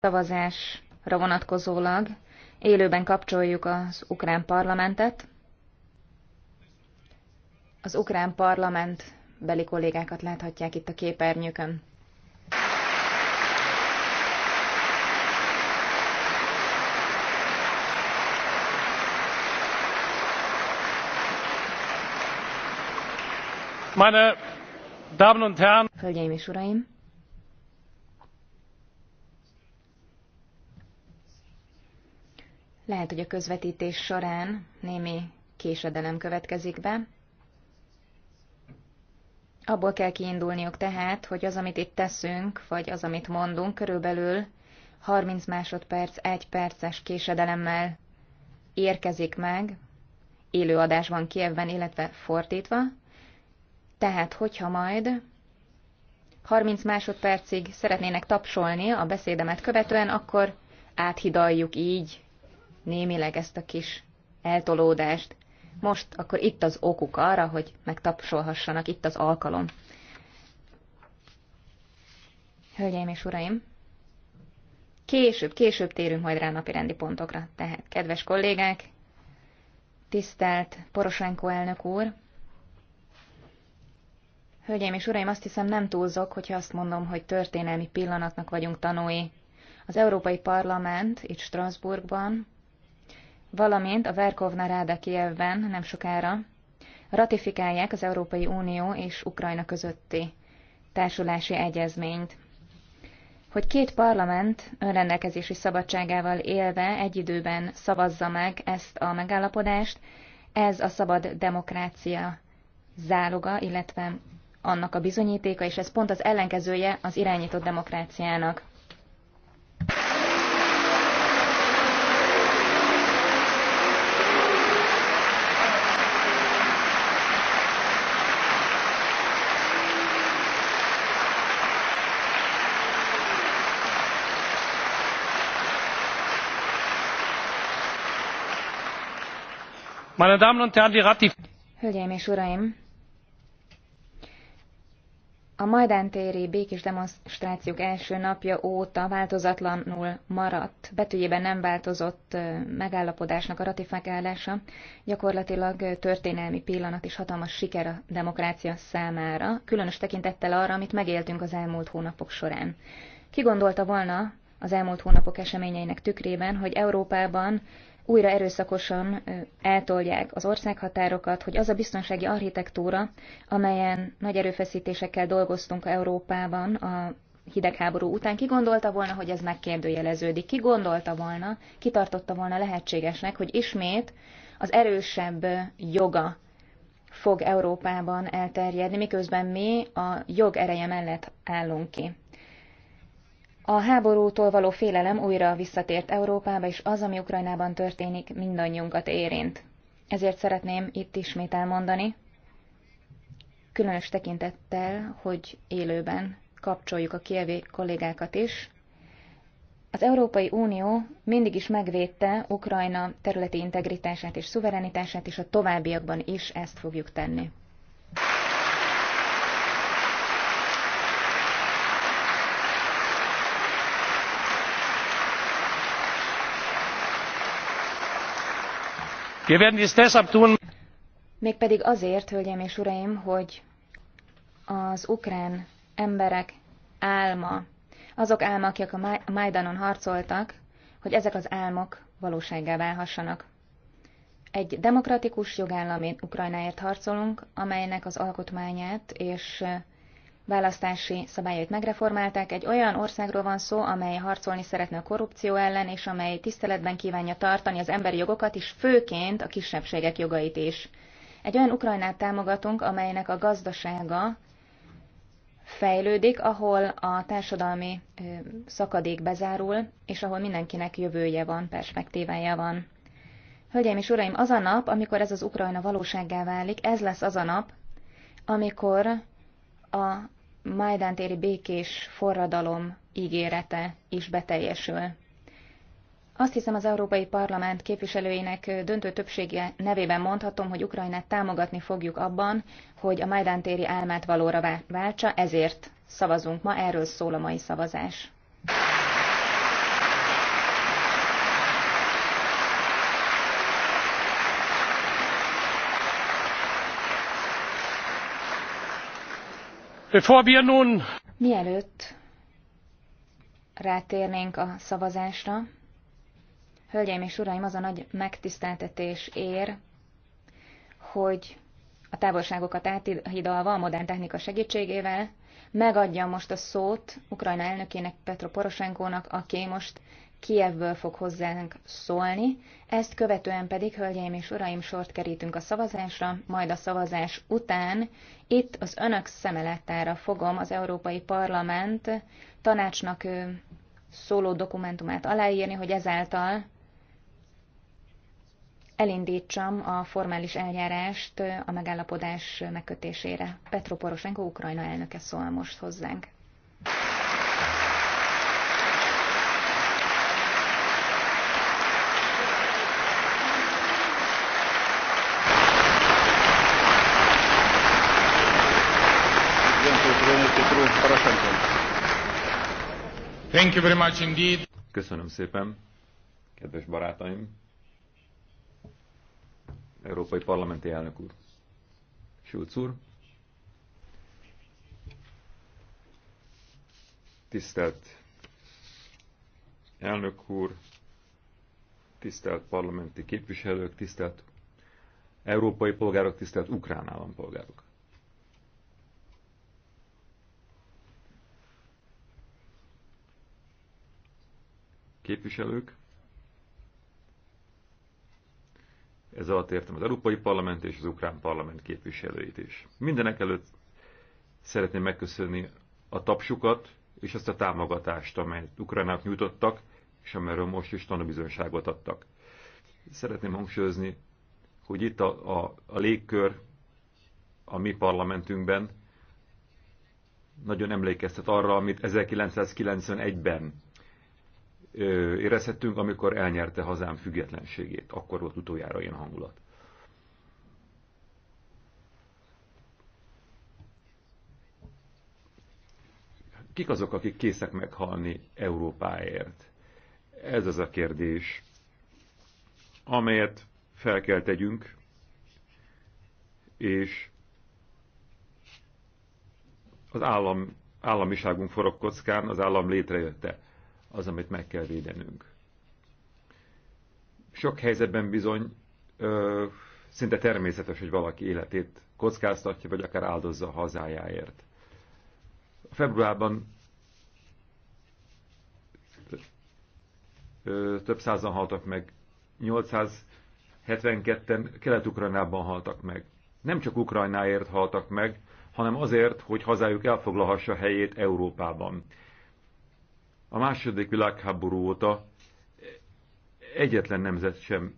szavazásra vonatkozólag élőben kapcsoljuk az ukrán parlamentet. Az ukrán parlament beli kollégákat láthatják itt a képernyőkön. Meine Damen und Herren! Hölgyeim és Uraim! Lehet, hogy a közvetítés során némi késedelem következik be. Abból kell kiindulniuk tehát, hogy az, amit itt teszünk, vagy az, amit mondunk, körülbelül 30 másodperc, 1 perces késedelemmel érkezik meg, élőadásban Kievben, illetve fordítva. Tehát, hogyha majd 30 másodpercig szeretnének tapsolni a beszédemet követően, akkor áthidaljuk így némileg ezt a kis eltolódást. Most akkor itt az okuk arra, hogy megtapsolhassanak, itt az alkalom. Hölgyeim és uraim! Később, később térünk majd rá napi rendi pontokra. Tehát, kedves kollégák, tisztelt Poroshenko elnök úr, Hölgyeim és uraim, azt hiszem nem túlzok, hogyha azt mondom, hogy történelmi pillanatnak vagyunk tanúi. Az Európai Parlament itt Strasbourgban valamint a Verkovna Ráda Kievben nem sokára ratifikálják az Európai Unió és Ukrajna közötti társulási egyezményt. Hogy két parlament önrendelkezési szabadságával élve egy időben szavazza meg ezt a megállapodást, ez a szabad demokrácia záloga, illetve annak a bizonyítéka, és ez pont az ellenkezője az irányított demokráciának. Hölgyeim és Uraim! A téri békés demonstrációk első napja óta változatlanul maradt, betűjében nem változott megállapodásnak a ratifikálása, gyakorlatilag történelmi pillanat és hatalmas siker a demokrácia számára, különös tekintettel arra, amit megéltünk az elmúlt hónapok során. Ki gondolta volna az elmúlt hónapok eseményeinek tükrében, hogy Európában újra erőszakosan eltolják az országhatárokat, hogy az a biztonsági architektúra, amelyen nagy erőfeszítésekkel dolgoztunk Európában a hidegháború után, ki gondolta volna, hogy ez megkérdőjeleződik, ki gondolta volna, ki tartotta volna lehetségesnek, hogy ismét az erősebb joga fog Európában elterjedni, miközben mi a jog ereje mellett állunk ki. A háborútól való félelem újra visszatért Európába, és az, ami Ukrajnában történik, mindannyiunkat érint. Ezért szeretném itt ismét elmondani, különös tekintettel, hogy élőben kapcsoljuk a kievi kollégákat is. Az Európai Unió mindig is megvédte Ukrajna területi integritását és szuverenitását, és a továbbiakban is ezt fogjuk tenni. Mégpedig azért, hölgyeim és uraim, hogy az ukrán emberek álma, azok álma, akik a Majdanon harcoltak, hogy ezek az álmok valósággá válhassanak. Egy demokratikus jogállami Ukrajnáért harcolunk, amelynek az alkotmányát és választási szabályait megreformálták. Egy olyan országról van szó, amely harcolni szeretne a korrupció ellen, és amely tiszteletben kívánja tartani az emberi jogokat, és főként a kisebbségek jogait is. Egy olyan Ukrajnát támogatunk, amelynek a gazdasága fejlődik, ahol a társadalmi szakadék bezárul, és ahol mindenkinek jövője van, perspektívája van. Hölgyeim és uraim, az a nap, amikor ez az Ukrajna valósággá válik, ez lesz az a nap, amikor a Majdántéri békés forradalom ígérete is beteljesül. Azt hiszem az Európai Parlament képviselőinek döntő többsége nevében mondhatom, hogy Ukrajnát támogatni fogjuk abban, hogy a majdántéri álmát valóra váltsa, ezért szavazunk ma, erről szól a mai szavazás. Mielőtt rátérnénk a szavazásra, hölgyeim és uraim, az a nagy megtiszteltetés ér, hogy a távolságokat áthidalva a modern technika segítségével Megadja most a szót Ukrajna elnökének Petro Poroshenkónak, aki most Kievből fog hozzánk szólni, ezt követően pedig, hölgyeim és uraim, sort kerítünk a szavazásra, majd a szavazás után itt az önök szemelettára fogom az Európai Parlament tanácsnak szóló dokumentumát aláírni, hogy ezáltal elindítsam a formális eljárást a megállapodás megkötésére. Petro Poroshenko, Ukrajna elnöke szól most hozzánk. Thank you very much indeed. Köszönöm szépen, kedves barátaim! Európai Parlamenti Elnök úr. Schulz úr. Tisztelt elnök úr, tisztelt parlamenti képviselők, tisztelt európai polgárok, tisztelt ukrán állampolgárok. Képviselők, Ez alatt értem az Európai Parlament és az Ukrán Parlament képviselőit is. Mindenek előtt szeretném megköszönni a tapsukat és azt a támogatást, amelyet Ukránák nyújtottak, és amelyről most is tanúbizonyságot adtak. Szeretném hangsúlyozni, hogy itt a, a, a légkör a mi parlamentünkben nagyon emlékeztet arra, amit 1991-ben érezhettünk, amikor elnyerte hazám függetlenségét. Akkor volt utoljára ilyen hangulat. Kik azok, akik készek meghalni Európáért? Ez az a kérdés, amelyet fel kell tegyünk, és az állam, államiságunk forog kockán, az állam létrejötte az, amit meg kell védenünk. Sok helyzetben bizony ö, szinte természetes, hogy valaki életét kockáztatja, vagy akár áldozza a hazájáért. A februárban ö, több százan haltak meg, 872-en Kelet-Ukrajnában haltak meg. Nem csak Ukrajnáért haltak meg, hanem azért, hogy hazájuk elfoglalhassa helyét Európában. A második világháború óta egyetlen nemzet sem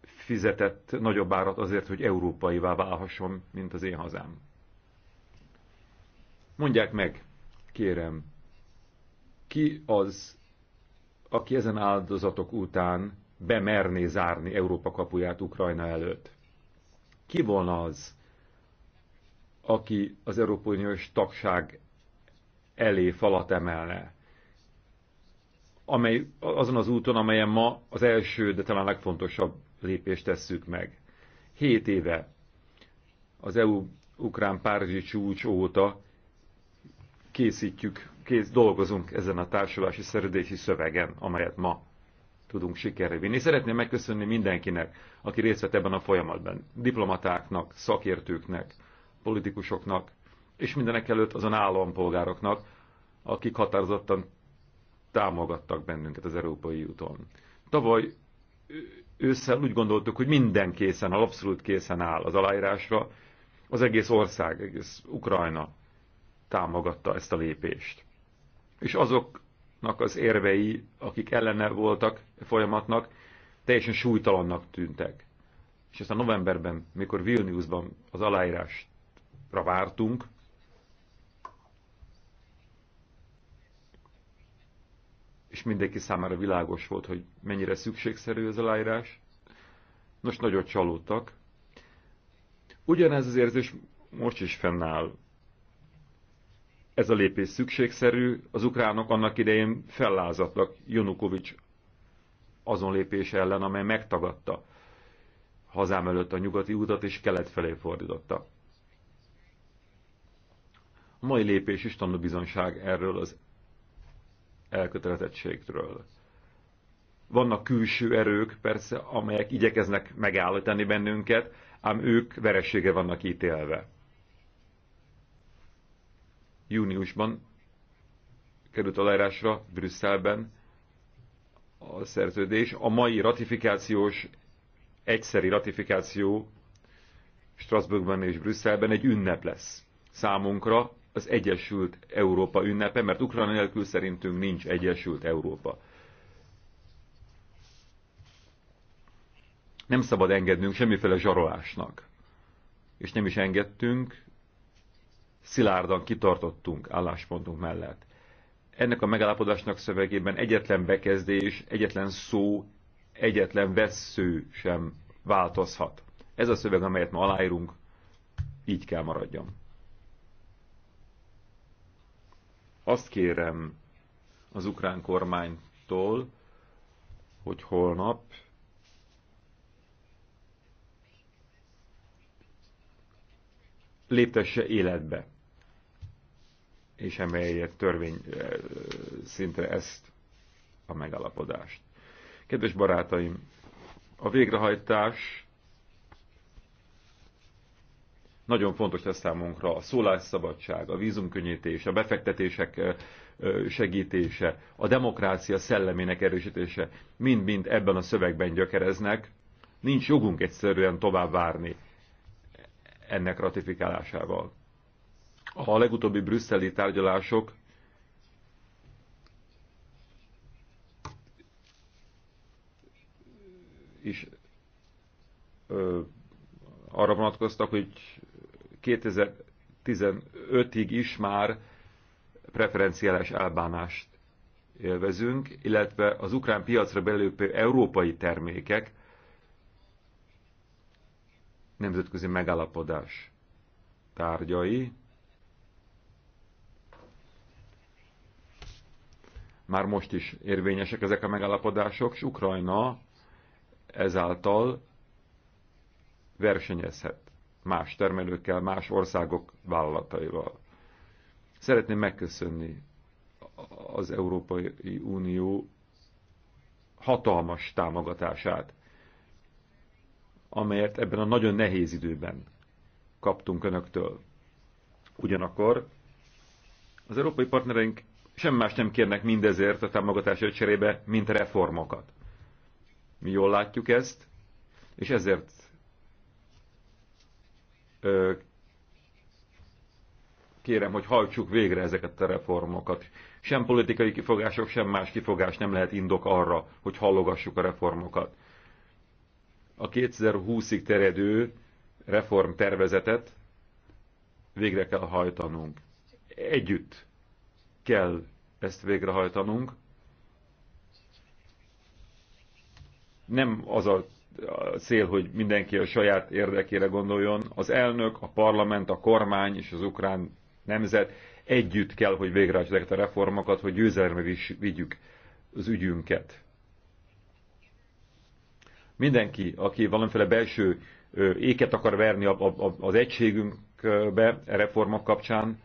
fizetett nagyobb árat azért, hogy európaivá válhasson, mint az én hazám. Mondják meg, kérem, ki az, aki ezen áldozatok után bemerné zárni Európa kapuját Ukrajna előtt? Ki volna az, aki az Európai Uniós tagság elé falat emelne? amely azon az úton, amelyen ma az első, de talán legfontosabb lépést tesszük meg. Hét éve az EU-Ukrán-Párizsi csúcs óta készítjük, kész, dolgozunk ezen a társulási szerződési szövegen, amelyet ma tudunk sikerre vinni. Szeretném megköszönni mindenkinek, aki részt vett ebben a folyamatban. Diplomatáknak, szakértőknek, politikusoknak, és mindenek előtt azon állampolgároknak, akik határozottan támogattak bennünket az európai úton. Tavaly ősszel úgy gondoltuk, hogy minden készen, ha abszolút készen áll az aláírásra, az egész ország, egész Ukrajna támogatta ezt a lépést. És azoknak az érvei, akik ellene voltak e folyamatnak, teljesen súlytalannak tűntek. És aztán novemberben, mikor Vilniusban az aláírásra vártunk, és mindenki számára világos volt, hogy mennyire szükségszerű ez a leírás. Nos, nagyon csalódtak. Ugyanez az érzés most is fennáll. Ez a lépés szükségszerű, az ukránok annak idején fellázadtak Janukovics azon lépése ellen, amely megtagadta hazám előtt a nyugati utat, és kelet felé fordította. A mai lépés is tanúbizonság erről az elkötelezettségről. Vannak külső erők, persze, amelyek igyekeznek megállítani bennünket, ám ők veressége vannak ítélve. Júniusban került aláírásra Brüsszelben a szerződés. A mai ratifikációs, egyszeri ratifikáció Strasbourgban és Brüsszelben egy ünnep lesz számunkra, az Egyesült Európa ünnepe, mert Ukrajna nélkül szerintünk nincs Egyesült Európa. Nem szabad engednünk semmiféle zsarolásnak. És nem is engedtünk, szilárdan kitartottunk álláspontunk mellett. Ennek a megállapodásnak szövegében egyetlen bekezdés, egyetlen szó, egyetlen vessző sem változhat. Ez a szöveg, amelyet ma aláírunk, így kell maradjon. Azt kérem az ukrán kormánytól, hogy holnap léptesse életbe, és emelje törvény szintre ezt a megalapodást. Kedves barátaim, a végrehajtás nagyon fontos lesz számunkra a szólásszabadság, a vízumkönnyítés, a befektetések segítése, a demokrácia szellemének erősítése, mind-mind ebben a szövegben gyökereznek. Nincs jogunk egyszerűen tovább várni ennek ratifikálásával. A legutóbbi brüsszeli tárgyalások is ö, arra vonatkoztak, hogy 2015-ig is már preferenciális elbánást élvezünk, illetve az ukrán piacra belépő európai termékek nemzetközi megállapodás tárgyai már most is érvényesek ezek a megállapodások, és Ukrajna ezáltal versenyezhet más termelőkkel, más országok vállalataival. Szeretném megköszönni az Európai Unió hatalmas támogatását, amelyet ebben a nagyon nehéz időben kaptunk önöktől. Ugyanakkor az európai partnereink sem más nem kérnek mindezért a támogatásért cserébe, mint reformokat. Mi jól látjuk ezt, és ezért kérem, hogy hajtsuk végre ezeket a reformokat. Sem politikai kifogások, sem más kifogás nem lehet indok arra, hogy hallogassuk a reformokat. A 2020-ig terjedő reformtervezetet végre kell hajtanunk. Együtt kell ezt végrehajtanunk. Nem az a a cél, hogy mindenki a saját érdekére gondoljon. Az elnök, a parlament, a kormány és az ukrán nemzet együtt kell, hogy végrehajtsák a reformokat, hogy győzelme is vigyük az ügyünket. Mindenki, aki valamiféle belső éket akar verni az egységünkbe e reformok kapcsán,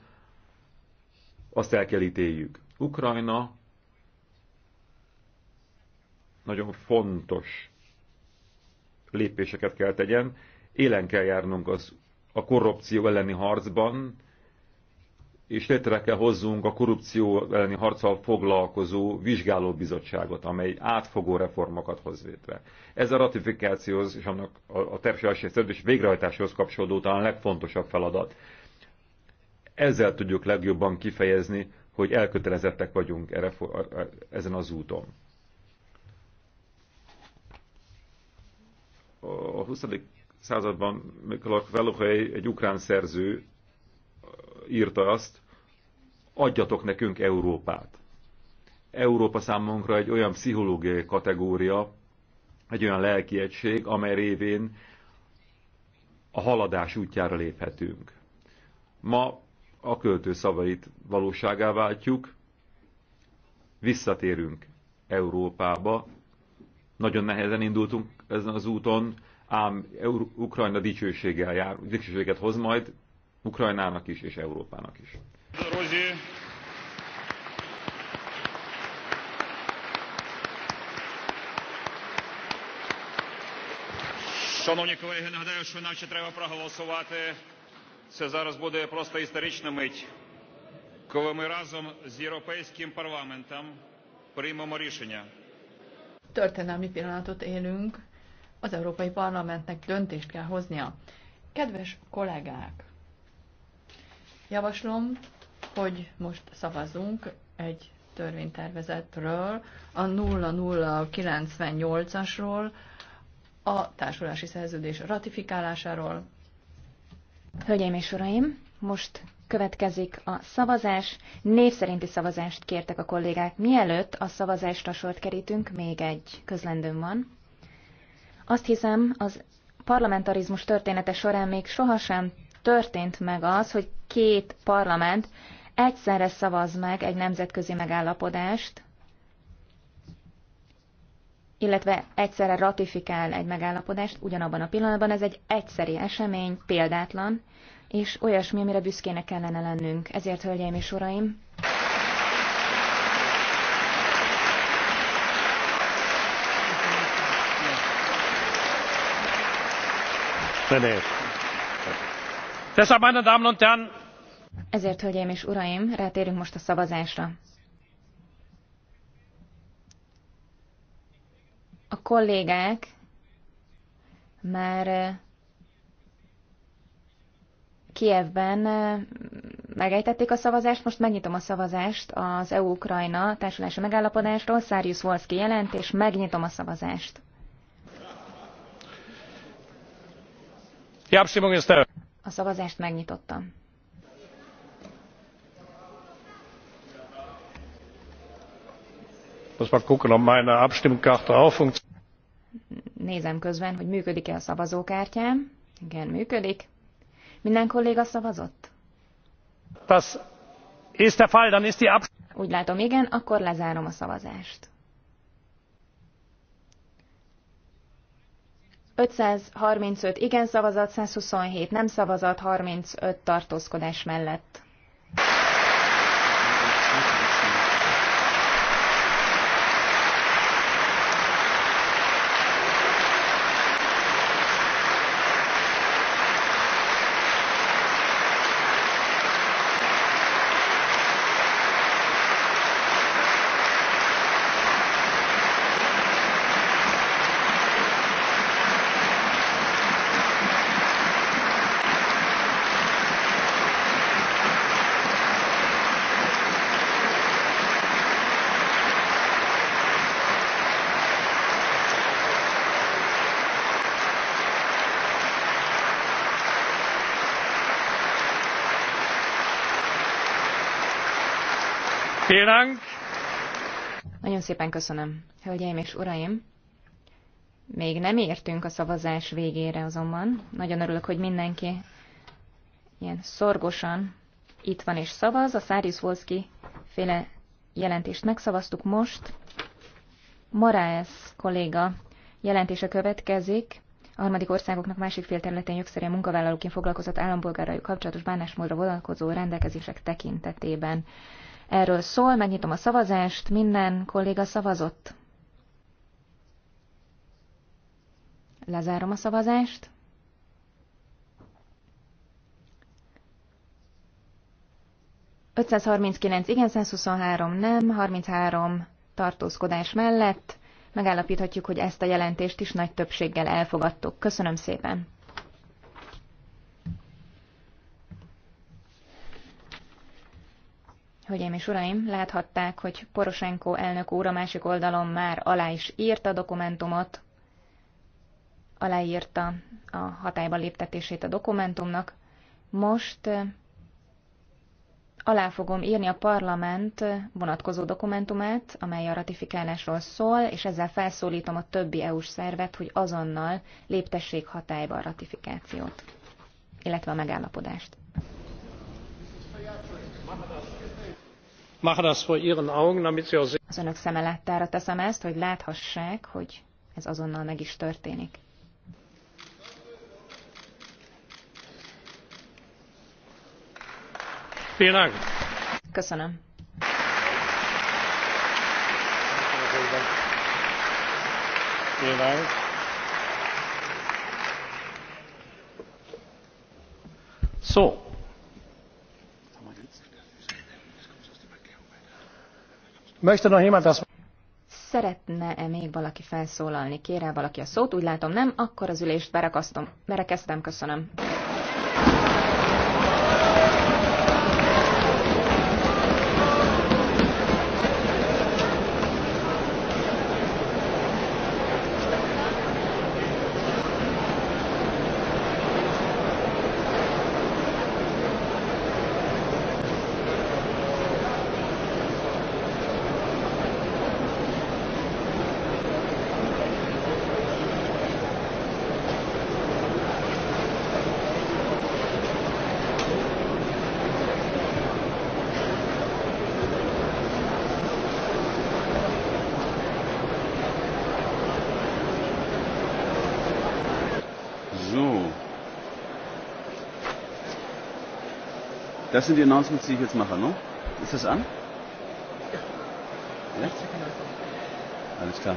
azt el kell ítéljük. Ukrajna nagyon fontos lépéseket kell tegyen, élen kell járnunk az, a korrupció elleni harcban, és létre kell hozzunk a korrupció elleni harccal foglalkozó vizsgálóbizottságot, amely átfogó reformokat hoz létre. Ez a ratifikációhoz és annak a, a és végrehajtáshoz kapcsolódó talán legfontosabb feladat. Ezzel tudjuk legjobban kifejezni, hogy elkötelezettek vagyunk erre, ezen az úton. a 20. században Mikolak Velohely, egy ukrán szerző írta azt, adjatok nekünk Európát. Európa számunkra egy olyan pszichológiai kategória, egy olyan lelki egység, amely révén a haladás útjára léphetünk. Ma a költő szavait valóságá váltjuk, visszatérünk Európába, nagyon nehezen indultunk ezen az úton, ám Ukrajna dicsőséggel jár, dicsőséget hoz majd Ukrajnának is és Európának is. Шановні колеги, нагадаю, що наче треба проголосувати. Це зараз буде просто історична мить, коли ми разом з європейським парламентом приймемо рішення. Történelmi pillanatot élünk, az Európai Parlamentnek döntést kell hoznia. Kedves kollégák, javaslom, hogy most szavazunk egy törvénytervezetről, a 0098-asról, a társulási szerződés ratifikálásáról. Hölgyeim és uraim, most következik a szavazás. Név szerinti szavazást kértek a kollégák. Mielőtt a a sort kerítünk, még egy közlendőm van. Azt hiszem, az parlamentarizmus története során még sohasem történt meg az, hogy két parlament egyszerre szavaz meg egy nemzetközi megállapodást, illetve egyszerre ratifikál egy megállapodást ugyanabban a pillanatban. Ez egy egyszeri esemény, példátlan, és olyasmi, amire büszkének kellene lennünk. Ezért, hölgyeim és uraim, ezért hölgyeim és uraim rátérünk most a szavazásra. a kollégák már eh, Kievben eh, megejtették a szavazást, most megnyitom a szavazást az EU-Ukrajna társulási megállapodásról, Szárius Volszki jelentés, megnyitom a szavazást. A szavazást megnyitottam. Nézem közben, hogy működik-e a szavazókártyám. Igen, működik. Minden kolléga szavazott? Das ist der Fall, dann ist die Úgy látom, igen, akkor lezárom a szavazást. 535 igen szavazat, 127 nem szavazat, 35 tartózkodás mellett. Vielen Nagyon szépen köszönöm. Hölgyeim és uraim, még nem értünk a szavazás végére azonban. Nagyon örülök, hogy mindenki ilyen szorgosan itt van és szavaz. A Szárius Volszki féle jelentést megszavaztuk most. Maráez kolléga jelentése következik. A harmadik országoknak másik fél területén jogszerűen munkavállalóként foglalkozott állampolgárai kapcsolatos bánásmódra vonatkozó rendelkezések tekintetében erről szól. Megnyitom a szavazást. Minden kolléga szavazott. Lezárom a szavazást. ...539 igen, 123 nem, 33 tartózkodás mellett megállapíthatjuk, hogy ezt a jelentést is nagy többséggel elfogadtuk. Köszönöm szépen! Hölgyeim és uraim, láthatták, hogy Poroshenko elnök úr a másik oldalon már alá is írta a dokumentumot, aláírta a hatályba léptetését a dokumentumnak. Most alá fogom írni a parlament vonatkozó dokumentumát, amely a ratifikálásról szól, és ezzel felszólítom a többi EU-s szervet, hogy azonnal léptessék hatályba a ratifikációt, illetve a megállapodást. Az önök szeme láttára teszem ezt, hogy láthassák, hogy ez azonnal meg is történik. Köszönöm. So. Szeretne-e még valaki felszólalni? Kérel valaki a szót? Úgy látom nem, akkor az ülést berekeztem. Köszönöm. Das sind die Announcements, die ich jetzt mache, ne? Ist das an? Ja? Alles klar.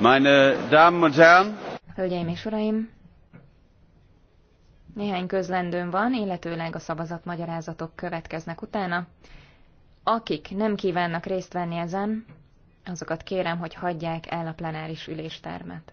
Meine Damen und Herren. Hölgyeim és Uraim! Néhány közlendőm van, illetőleg a szavazatmagyarázatok következnek utána. Akik nem kívánnak részt venni ezen, azokat kérem, hogy hagyják el a plenáris üléstermet.